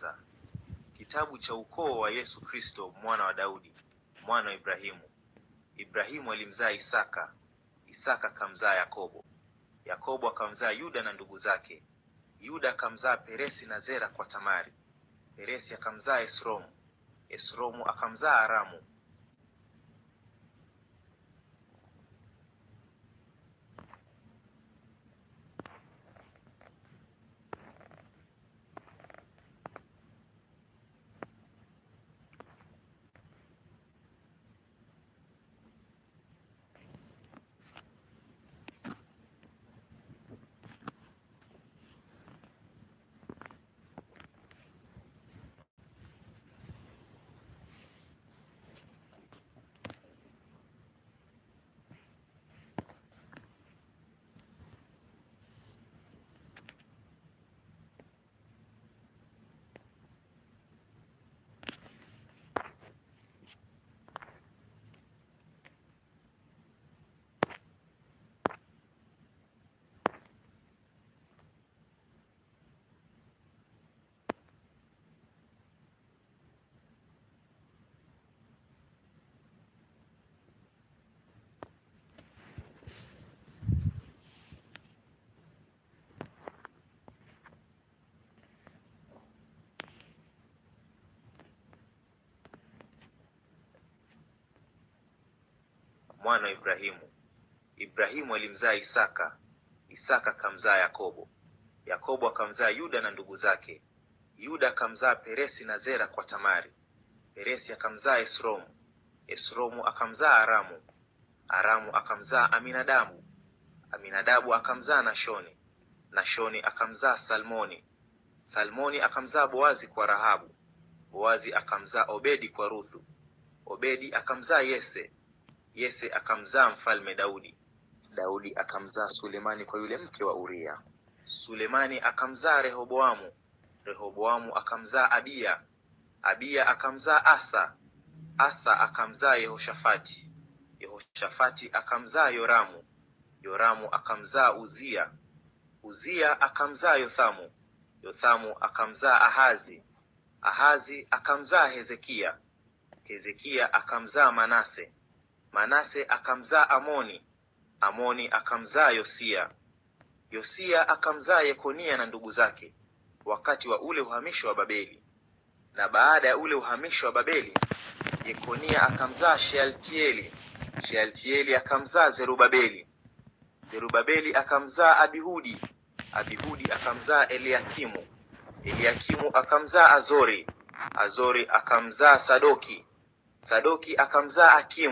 kwanza, kitabu cha ukoo wa Yesu Kristo mwana wa Daudi, mwana wa Ibrahimu. Ibrahimu alimzaa Isaka, Isaka akamzaa Yakobo, Yakobo akamzaa Yuda na ndugu zake. Yuda akamzaa Peresi na Zera kwa Tamari. Peresi akamzaa Esromu, Esromu akamzaa Aramu. mwana wa Ibrahimu. Ibrahimu alimzaa Isaka, Isaka akamzaa Yakobo, Yakobo akamzaa Yuda na ndugu zake. Yuda akamzaa Peresi na Zera kwa Tamari. Peresi akamzaa Esromu, Esromu akamzaa Aramu, Aramu akamzaa Aminadabu, Aminadabu akamzaa Nashoni, Nashoni akamzaa Salmoni, Salmoni akamzaa Boazi kwa Rahabu, Boazi akamzaa Obedi kwa Ruthu, Obedi akamzaa Yese, Yese akamzaa mfalme Daudi. Daudi akamzaa Sulemani kwa yule mke wa Uria. Sulemani akamzaa Rehoboamu. Rehoboamu akamzaa Abiya. Abiya akamzaa Asa. Asa akamzaa Yehoshafati. Yehoshafati akamzaa Yoramu. Yoramu akamzaa Uzia. Uzia akamzaa Yothamu. Yothamu akamzaa Ahazi. Ahazi akamzaa Hezekia. Hezekia akamzaa Manase. Manase akamzaa Amoni, Amoni akamzaa Yosia, Yosia akamzaa Yekonia na ndugu zake wakati wa ule uhamisho wa Babeli. Na baada ya ule uhamisho wa Babeli, Yekonia akamzaa Shealtieli, Shealtieli akamzaa Zerubabeli, Zerubabeli akamzaa Abihudi, Abihudi akamzaa Eliakimu, Eliakimu akamzaa Azori, Azori akamzaa Sadoki, Sadoki akamzaa Akimu,